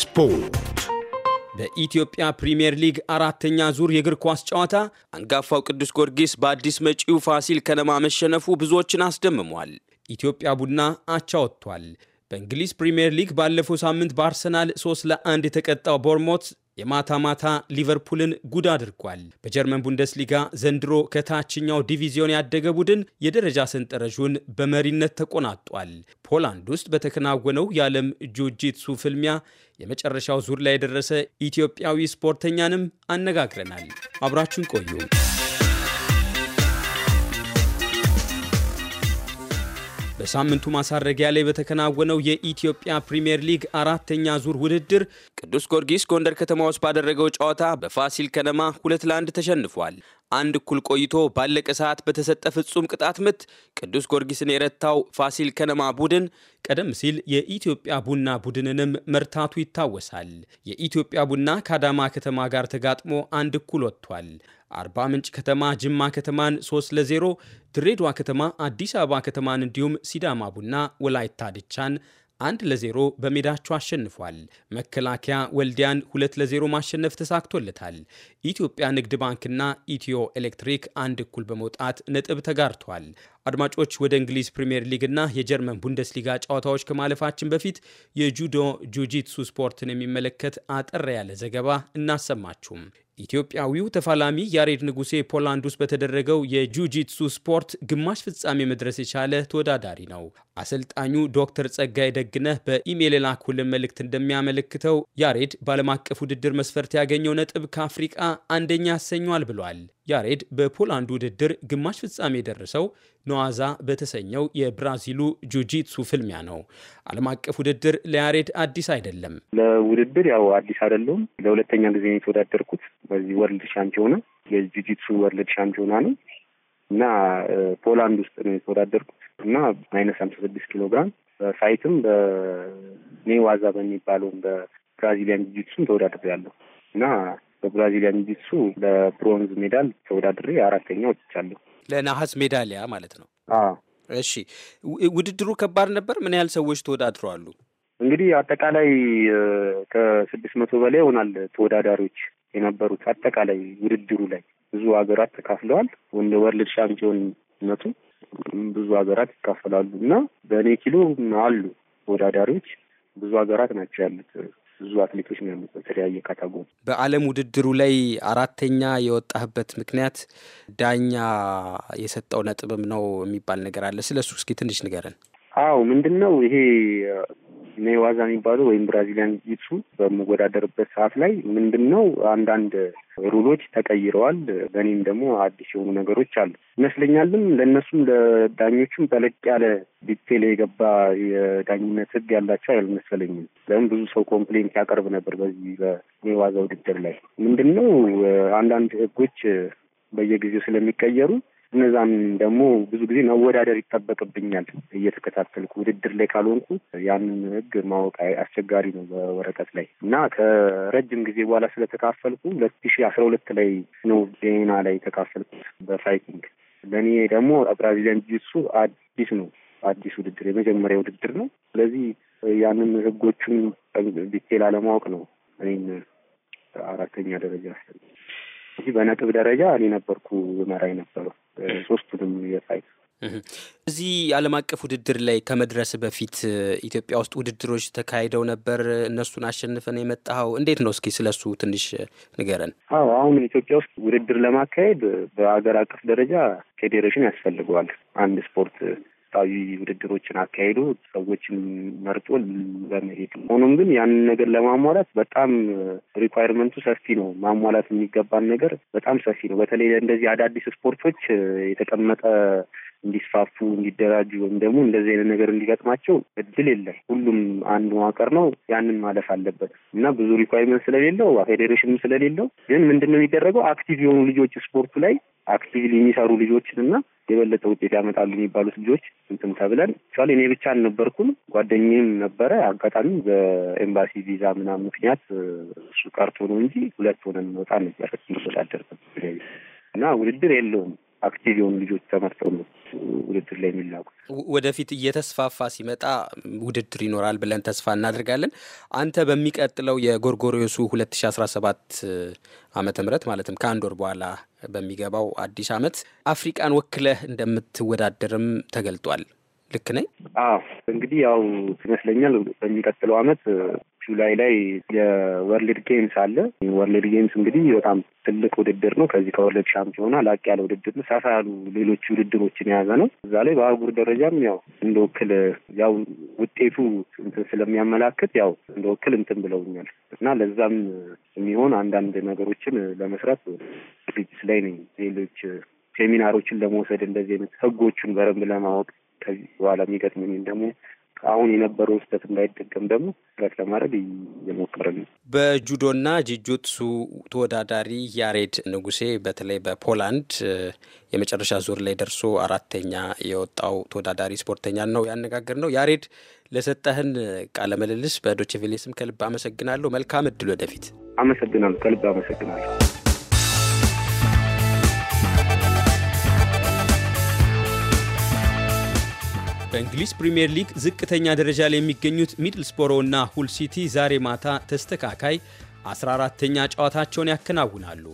ስፖርት በኢትዮጵያ ፕሪምየር ሊግ አራተኛ ዙር የእግር ኳስ ጨዋታ አንጋፋው ቅዱስ ጊዮርጊስ በአዲስ መጪው ፋሲል ከነማ መሸነፉ ብዙዎችን አስደምሟል። ኢትዮጵያ ቡና አቻ ወጥቷል። በእንግሊዝ ፕሪምየር ሊግ ባለፈው ሳምንት በአርሰናል 3 ለ1 የተቀጣው ቦርሞት የማታ ማታ ሊቨርፑልን ጉድ አድርጓል። በጀርመን ቡንደስሊጋ ዘንድሮ ከታችኛው ዲቪዚዮን ያደገ ቡድን የደረጃ ሰንጠረዡን በመሪነት ተቆናጧል። ፖላንድ ውስጥ በተከናወነው የዓለም ጁጂትሱ ፍልሚያ የመጨረሻው ዙር ላይ የደረሰ ኢትዮጵያዊ ስፖርተኛንም አነጋግረናል። አብራችን ቆዩ። በሳምንቱ ማሳረጊያ ላይ በተከናወነው የኢትዮጵያ ፕሪምየር ሊግ አራተኛ ዙር ውድድር ቅዱስ ጊዮርጊስ ጎንደር ከተማ ውስጥ ባደረገው ጨዋታ በፋሲል ከነማ ሁለት ለአንድ ተሸንፏል። አንድ እኩል ቆይቶ ባለቀ ሰዓት በተሰጠ ፍጹም ቅጣት ምት ቅዱስ ጊዮርጊስን የረታው ፋሲል ከነማ ቡድን ቀደም ሲል የኢትዮጵያ ቡና ቡድንንም መርታቱ ይታወሳል። የኢትዮጵያ ቡና ከአዳማ ከተማ ጋር ተጋጥሞ አንድ እኩል ወጥቷል። አርባ ምንጭ ከተማ ጅማ ከተማን 3 ለ0፣ ድሬዳዋ ከተማ አዲስ አበባ ከተማን እንዲሁም ሲዳማ ቡና ወላይታ ድቻን አንድ ለዜሮ በሜዳቸው አሸንፏል። መከላከያ ወልዲያን ሁለት ለዜሮ ማሸነፍ ተሳክቶለታል። ኢትዮጵያ ንግድ ባንክና ኢትዮ ኤሌክትሪክ አንድ እኩል በመውጣት ነጥብ ተጋርቷል። አድማጮች ወደ እንግሊዝ ፕሪምየር ሊግና የጀርመን ቡንደስሊጋ ጨዋታዎች ከማለፋችን በፊት የጁዶ ጁጂትሱ ስፖርትን የሚመለከት አጠር ያለ ዘገባ እናሰማችሁም። ኢትዮጵያዊው ተፋላሚ ያሬድ ንጉሴ ፖላንድ ውስጥ በተደረገው የጁጂትሱ ስፖርት ግማሽ ፍጻሜ መድረስ የቻለ ተወዳዳሪ ነው። አሰልጣኙ ዶክተር ጸጋይ ደግነህ በኢሜል ላኩልን መልእክት እንደሚያመለክተው ያሬድ በዓለም አቀፍ ውድድር መስፈርት ያገኘው ነጥብ ከአፍሪቃ አንደኛ ያሰኟል ብሏል። ያሬድ በፖላንድ ውድድር ግማሽ ፍጻሜ የደረሰው ነዋዛ በተሰኘው የብራዚሉ ጁጂትሱ ፍልሚያ ነው። ዓለም አቀፍ ውድድር ለያሬድ አዲስ አይደለም። ለውድድር ያው አዲስ አይደለውም። ለሁለተኛ ጊዜ የተወዳደርኩት በዚህ ወርልድ ሻምፒዮና የጁጂትሱ ወርልድ ሻምፒዮና ነው እና ፖላንድ ውስጥ ነው የተወዳደርኩት እና ማይነስ ሀምሳ ስድስት ኪሎ ግራም በሳይትም በኔዋዛ በሚባለውም በብራዚሊያን ጁጂትሱም ተወዳድሬያለሁ እና በብራዚሊያን ጂትሱ ለብሮንዝ ሜዳል ተወዳድሬ አራተኛ ወጥቻለሁ። ለነሐስ ሜዳሊያ ማለት ነው። እሺ፣ ውድድሩ ከባድ ነበር። ምን ያህል ሰዎች ተወዳድረዋሉ? እንግዲህ አጠቃላይ ከስድስት መቶ በላይ ይሆናል ተወዳዳሪዎች የነበሩት አጠቃላይ ውድድሩ ላይ ብዙ ሀገራት ተካፍለዋል። ወንደ ወርልድ መቱ ብዙ ሀገራት ይካፈላሉ እና በእኔ ኪሎ አሉ ተወዳዳሪዎች ብዙ ሀገራት ናቸው ያሉት ብዙ አትሌቶች ነው ያሉት በተለያየ ካታጎሪ። በዓለም ውድድሩ ላይ አራተኛ የወጣህበት ምክንያት ዳኛ የሰጠው ነጥብም ነው የሚባል ነገር አለ። ስለ እሱ እስኪ ትንሽ ንገረን። አዎ ምንድን ነው ይሄ ሜዋዛ የሚባሉ ወይም ብራዚሊያን ጂትሱ በምወዳደርበት ሰዓት ላይ ምንድን ነው አንዳንድ ሩሎች ተቀይረዋል። በእኔም ደግሞ አዲስ የሆኑ ነገሮች አሉ ይመስለኛልም። ለእነሱም ለዳኞቹም ጠለቅ ያለ ዲቴል የገባ የዳኝነት ህግ ያላቸው አልመሰለኝም። ለምን ብዙ ሰው ኮምፕሌንት ያቀርብ ነበር። በዚህ በሜዋዛ ውድድር ላይ ምንድን ነው አንዳንድ ህጎች በየጊዜው ስለሚቀየሩ እነዛም ደግሞ ብዙ ጊዜ መወዳደር ይጠበቅብኛል እየተከታተልኩ ውድድር ላይ ካልሆንኩ ያንን ህግ ማወቅ አስቸጋሪ ነው በወረቀት ላይ እና ከረጅም ጊዜ በኋላ ስለተካፈልኩ ሁለት ሺ አስራ ሁለት ላይ ነው ዜና ላይ የተካፈልኩት በፋይቲንግ ለእኔ ደግሞ ብራዚሊያን ጅሱ አዲስ ነው አዲስ ውድድር የመጀመሪያ ውድድር ነው ስለዚህ ያንን ህጎቹን ዲቴል አለማወቅ ነው እኔም አራተኛ ደረጃ እዚህ በነጥብ ደረጃ እኔ ነበርኩ መራ የነበረው ሶስቱንም የሳይት እዚህ ዓለም አቀፍ ውድድር ላይ ከመድረስ በፊት ኢትዮጵያ ውስጥ ውድድሮች ተካሂደው ነበር። እነሱን አሸንፈን የመጣኸው እንዴት ነው? እስኪ ስለሱ ትንሽ ንገረን። አዎ አሁን ኢትዮጵያ ውስጥ ውድድር ለማካሄድ በሀገር አቀፍ ደረጃ ፌዴሬሽን ያስፈልገዋል። አንድ ስፖርት መንግስታዊ ውድድሮችን አካሄዱ ሰዎችን መርጦ ለመሄድ ሆኖም ግን ያንን ነገር ለማሟላት በጣም ሪኳይርመንቱ ሰፊ ነው። ማሟላት የሚገባን ነገር በጣም ሰፊ ነው። በተለይ እንደዚህ አዳዲስ ስፖርቶች የተቀመጠ እንዲስፋፉ እንዲደራጁ ወይም ደግሞ እንደዚህ አይነት ነገር እንዲገጥማቸው እድል የለም። ሁሉም አንድ መዋቅር ነው። ያንን ማለፍ አለበት እና ብዙ ሪኳይርመንት ስለሌለው ፌዴሬሽንም ስለሌለው ግን ምንድን ነው የሚደረገው አክቲቭ የሆኑ ልጆች ስፖርቱ ላይ አክቲቭ የሚሰሩ ልጆችን እና የበለጠ ውጤት ያመጣሉ የሚባሉት ልጆች እንትን ተብለን ቻል እኔ ብቻ አልነበርኩም። ጓደኝም ነበረ። አጋጣሚ በኤምባሲ ቪዛ ምናምን ምክንያት እሱ ቀርቶ ነው እንጂ ሁለት ሆነን መውጣ ነበር እንወዳደር እና ውድድር የለውም አክቲቭ የሆኑ ልጆች ተመርጠው ነው ውድድር ላይ የሚላኩት። ወደፊት እየተስፋፋ ሲመጣ ውድድር ይኖራል ብለን ተስፋ እናደርጋለን። አንተ በሚቀጥለው የጎርጎሪዮሱ 2017 ዓመተ ምህረት ማለትም ከአንድ ወር በኋላ በሚገባው አዲስ ዓመት አፍሪቃን ወክለህ እንደምትወዳደርም ተገልጧል። ልክ ነኝ? አዎ እንግዲህ ያው ይመስለኛል በሚቀጥለው ዓመት ጁላይ ላይ የወርልድ ጌምስ አለ። ወርልድ ጌምስ እንግዲህ በጣም ትልቅ ውድድር ነው። ከዚህ ከወርልድ ሻምፒዮና ላቅ ያለ ውድድር ነው። ሰፋ ያሉ ሌሎች ውድድሮችን የያዘ ነው። እዛ ላይ በአህጉር ደረጃም ያው እንደ ወክል ያው ውጤቱ እንትን ስለሚያመላክት ያው እንደ ወክል እንትን ብለውኛል እና ለዛም የሚሆን አንዳንድ ነገሮችን ለመስራት ድርጅት ላይ ነኝ። ሌሎች ሴሚናሮችን ለመውሰድ እንደዚህ አይነት ህጎቹን በረንብ ለማወቅ ከዚህ በኋላ የሚገጥመኝን ደግሞ አሁን የነበረውን ስህተት እንዳይጠቀም ደግሞ ጥረት ለማድረግ እየሞከረ ነው። በጁዶና ጂጁትሱ ተወዳዳሪ ያሬድ ንጉሴ በተለይ በፖላንድ የመጨረሻ ዙር ላይ ደርሶ አራተኛ የወጣው ተወዳዳሪ ስፖርተኛ ነው ያነጋገር ነው። ያሬድ ለሰጠህን ቃለ ምልልስ ስም ከልብ አመሰግናለሁ። መልካም እድል ወደፊት። አመሰግናለሁ። ከልብ አመሰግናለሁ። በእንግሊዝ ፕሪምየር ሊግ ዝቅተኛ ደረጃ ላይ የሚገኙት ሚድልስቦሮ እና ሁል ሲቲ ዛሬ ማታ ተስተካካይ 14ተኛ ጨዋታቸውን ያከናውናሉ።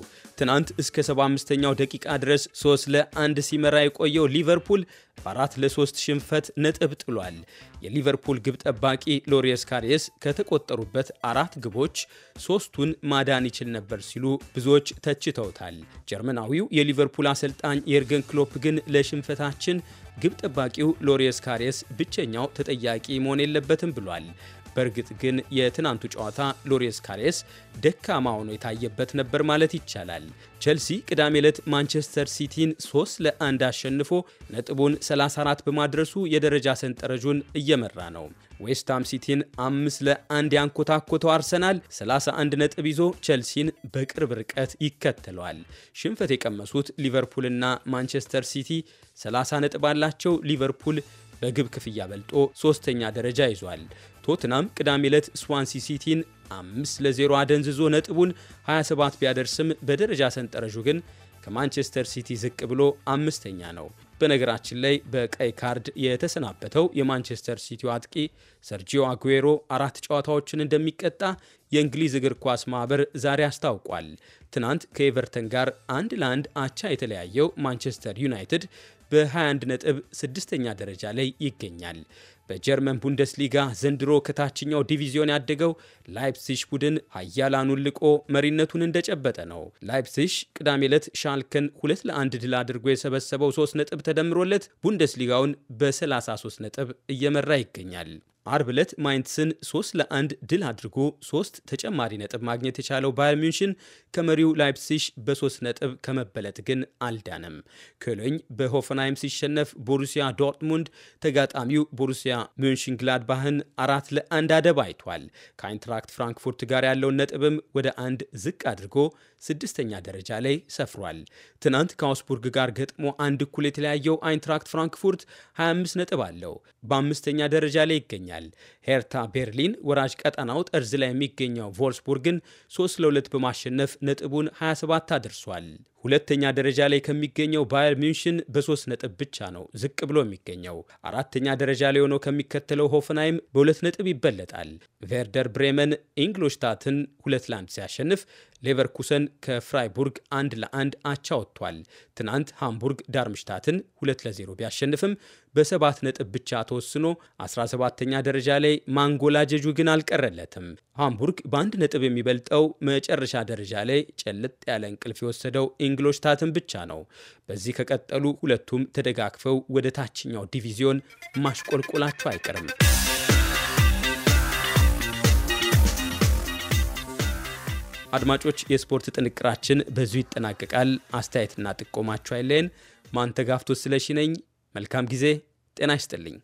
ትናንት እስከ 75ኛው ደቂቃ ድረስ 3 ለአንድ ሲመራ የቆየው ሊቨርፑል በአራት ለሶስት ሽንፈት ነጥብ ጥሏል። የሊቨርፑል ግብ ጠባቂ ሎሪየስ ካሪየስ ከተቆጠሩበት አራት ግቦች ሶስቱን ማዳን ይችል ነበር ሲሉ ብዙዎች ተችተውታል። ጀርመናዊው የሊቨርፑል አሰልጣኝ የርገን ክሎፕ ግን ለሽንፈታችን ግብ ጠባቂው ሎሪየስ ካሪየስ ብቸኛው ተጠያቂ መሆን የለበትም ብሏል። በእርግጥ ግን የትናንቱ ጨዋታ ሎሬስ ካሬስ ደካማ ሆኖ የታየበት ነበር ማለት ይቻላል። ቸልሲ ቅዳሜ ዕለት ማንቸስተር ሲቲን 3 ለአንድ አሸንፎ ነጥቡን 34 በማድረሱ የደረጃ ሰንጠረዡን እየመራ ነው። ዌስትሃም ሲቲን 5 ለአንድ ያንኮታኮተው አርሰናል 31 ነጥብ ይዞ ቸልሲን በቅርብ ርቀት ይከተለዋል። ሽንፈት የቀመሱት ሊቨርፑልና ማንቸስተር ሲቲ 30 ነጥብ አላቸው። ሊቨርፑል በግብ ክፍያ በልጦ ሶስተኛ ደረጃ ይዟል። ቶትናም ቅዳሜ ዕለት ስዋንሲ ሲቲን አምስት ለዜሮ አደንዝዞ ነጥቡን 27 ቢያደርስም በደረጃ ሰንጠረዡ ግን ከማንቸስተር ሲቲ ዝቅ ብሎ አምስተኛ ነው። በነገራችን ላይ በቀይ ካርድ የተሰናበተው የማንቸስተር ሲቲው አጥቂ ሰርጂዮ አጉዌሮ አራት ጨዋታዎችን እንደሚቀጣ የእንግሊዝ እግር ኳስ ማህበር ዛሬ አስታውቋል። ትናንት ከኤቨርተን ጋር አንድ ለአንድ አቻ የተለያየው ማንቸስተር ዩናይትድ በ21 ነጥብ ስድስተኛ ደረጃ ላይ ይገኛል። በጀርመን ቡንደስሊጋ ዘንድሮ ከታችኛው ዲቪዚዮን ያደገው ላይፕሲሽ ቡድን ኃያላኑን ልቆ መሪነቱን እንደጨበጠ ነው። ላይፕሲሽ ቅዳሜ ዕለት ሻልከን ሁለት ለአንድ ድል አድርጎ የሰበሰበው ሶስት ነጥብ ተደምሮለት ቡንደስሊጋውን በ33 ነጥብ እየመራ ይገኛል። አርብ ዕለት ማይንትስን 3 ለአንድ ድል አድርጎ ሶስት ተጨማሪ ነጥብ ማግኘት የቻለው ባየር ሚንሽን ከመሪው ላይፕሲሽ በሶስት ነጥብ ከመበለጥ ግን አልዳነም። ኮሎኝ በሆፈንሃይም ሲሸነፍ ቦሩሲያ ዶርትሙንድ ተጋጣሚው ቦሩሲያ ሚንሽን ግላድባህን አራት ለአንድ አደባይቷል። ከአይንትራክት ፍራንክፉርት ጋር ያለውን ነጥብም ወደ አንድ ዝቅ አድርጎ ስድስተኛ ደረጃ ላይ ሰፍሯል። ትናንት ከአውስቡርግ ጋር ገጥሞ አንድ እኩል የተለያየው አይንትራክት ፍራንክፉርት 25 ነጥብ አለው። በአምስተኛ ደረጃ ላይ ይገኛል። ይገኛል። ሄርታ ቤርሊን ወራጅ ቀጠናው ጠርዝ ላይ የሚገኘው ቮልስቡርግን 3 ለ2 በማሸነፍ ነጥቡን 27 አድርሷል። ሁለተኛ ደረጃ ላይ ከሚገኘው ባየር ሚንሽን በሶስት ነጥብ ብቻ ነው ዝቅ ብሎ የሚገኘው። አራተኛ ደረጃ ላይ ሆኖ ከሚከተለው ሆፍናይም በሁለት ነጥብ ይበለጣል። ቬርደር ብሬመን ኢንግሎሽታትን ሁለት ለአንድ ሲያሸንፍ ሌቨርኩሰን ከፍራይቡርግ አንድ ለአንድ አቻ ወጥቷል። ትናንት ሃምቡርግ ዳርምሽታትን ሁለት ለዜሮ ቢያሸንፍም በሰባት ነጥብ ብቻ ተወስኖ 17ተኛ ደረጃ ላይ ማንጎላጀጁ ግን አልቀረለትም። ሃምቡርግ በአንድ ነጥብ የሚበልጠው መጨረሻ ደረጃ ላይ ጨልጥ ያለ እንቅልፍ የወሰደው የሽንግሎችታትን ብቻ ነው። በዚህ ከቀጠሉ ሁለቱም ተደጋግፈው ወደ ታችኛው ዲቪዚዮን ማሽቆልቆላቸው አይቀርም። አድማጮች፣ የስፖርት ጥንቅራችን በዚሁ ይጠናቀቃል። አስተያየትና ጥቆማቸው አይለን። ማንተጋፍቶ ስለሺ ነኝ። መልካም ጊዜ። ጤና ይስጥልኝ።